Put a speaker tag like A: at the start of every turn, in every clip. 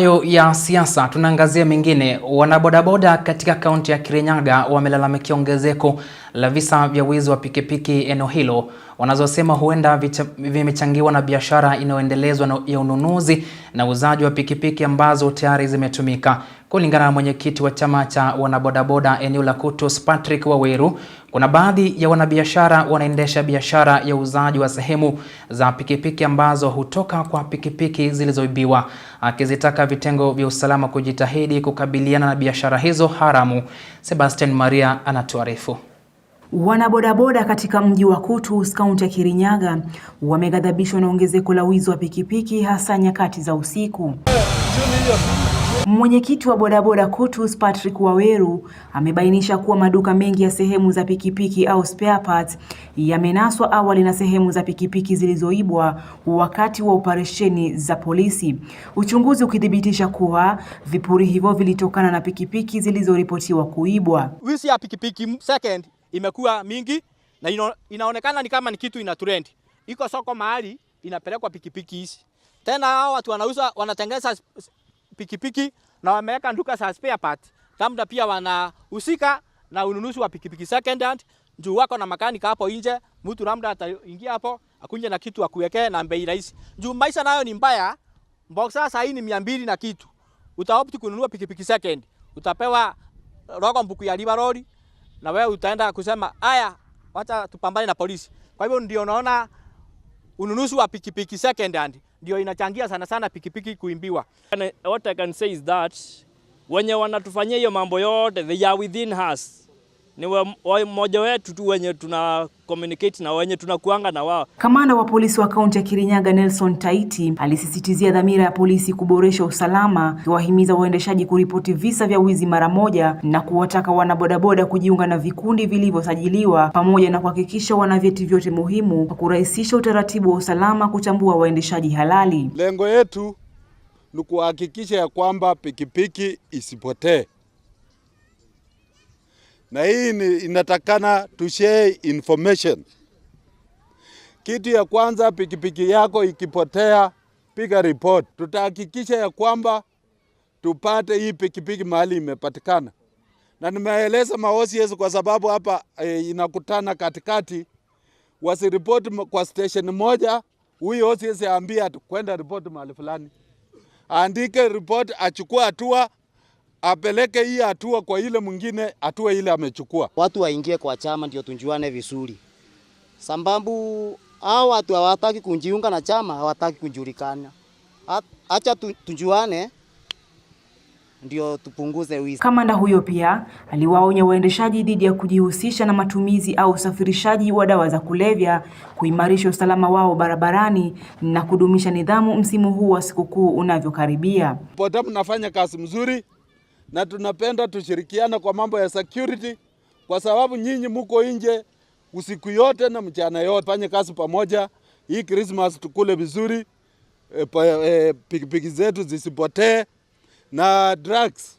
A: Hayo ya siasa, tunaangazia mengine. Wanabodaboda katika kaunti ya Kirinyaga wamelalamikia ongezeko la visa vya wizi wa pikipiki eneo hilo, wanazosema huenda vimechangiwa na biashara inayoendelezwa ya ununuzi na uuzaji wa pikipiki ambazo tayari zimetumika. Kulingana na mwenyekiti wa chama cha wanabodaboda eneo la Kutus, Patrick Waweru, kuna baadhi ya wanabiashara wanaendesha biashara ya uuzaji wa sehemu za pikipiki ambazo hutoka kwa pikipiki zilizoibiwa, akizitaka vitengo vya usalama kujitahidi kukabiliana na biashara hizo haramu. Sebastian Maria anatuarifu.
B: Wanabodaboda katika mji wa Kutus, kaunti ya Kirinyaga, wameghadhabishwa na ongezeko la wizi wa pikipiki hasa nyakati za usiku. Mwenyekiti wa bodaboda KUTUS Patrick Waweru amebainisha kuwa maduka mengi ya sehemu za pikipiki au spare parts yamenaswa awali na sehemu za pikipiki zilizoibwa wakati wa operesheni za polisi, uchunguzi ukithibitisha kuwa vipuri hivyo vilitokana na pikipiki zilizoripotiwa kuibwa.
C: Wizi ya pikipiki second imekuwa mingi na ino, inaonekana ni kama ni kitu ina trend. Iko soko mahali inapelekwa pikipiki hizi. Tena hao watu wanauza wanatengeneza pikipiki na wameweka nduka za spare part. Kamda pia wanahusika na ununuzi wa pikipiki second hand juu wako na makanika hapo nje. Mtu labda ataingia hapo akunje na kitu akuwekee na bei rahisi, juu maisha nayo ni mbaya. Boxer saa hii ni mia mbili na kitu, utaopti kununua pikipiki second, utapewa rogo mbuku ya liba lori, na wewe utaenda kusema haya, wacha tupambane na polisi. Kwa hivyo ndio naona ununuzi wa pikipiki second hand ndio inachangia sana sana pikipiki kuimbiwa.
D: what I can say is that wenye wanatufanyia hiyo mambo yote they are within us ni mmoja wetu tu wenye tuna communicate na wenye tunakuanga na wao.
B: Kamanda wa polisi wa kaunti ya Kirinyaga Nelson Taiti alisisitizia dhamira ya polisi kuboresha usalama, akiwahimiza waendeshaji kuripoti visa vya wizi mara moja na kuwataka wanabodaboda kujiunga na vikundi vilivyosajiliwa pamoja na kuhakikisha wana vyeti vyote muhimu kwa kurahisisha utaratibu wa usalama kutambua waendeshaji halali.
E: Lengo yetu ni kuhakikisha ya kwamba pikipiki isipotee na hii inatakana to share information. Kitu ya kwanza, pikipiki yako ikipotea, piga report. Tutahakikisha ya kwamba tupate hii pikipiki mahali imepatikana, na nimeeleza Yesu kwa sababu hapa e, inakutana katikati, wasiripoti kwa station moja. Huyu osies aambie kwenda report mahali fulani, aandike report, achukua hatua apeleke hii hatua kwa ile mwingine, hatua ile amechukua.
F: Watu waingie kwa chama ndio tunjuane vizuri, sambambu hao watu hawataki kujiunga na chama, hawataki kujulikana. Acha tunjuane ndio tupunguze wizi.
B: Kamanda huyo pia aliwaonya waendeshaji dhidi ya kujihusisha na matumizi au usafirishaji wa dawa za kulevya, kuimarisha usalama wao barabarani na kudumisha nidhamu msimu huu wa sikukuu unavyokaribia.
E: Pote mnafanya kazi mzuri na tunapenda tushirikiane kwa mambo ya security, kwa sababu nyinyi muko nje usiku yote na mchana yote. Fanye kazi pamoja, hii Christmas tukule vizuri, e, e, pikipiki zetu zisipotee na drugs.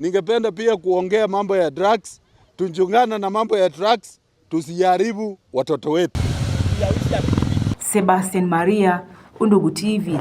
E: Ningependa pia kuongea mambo ya drugs, tunjungana na mambo ya drugs, tusiharibu watoto wetu.
B: Sebastian Maria, Undugu TV.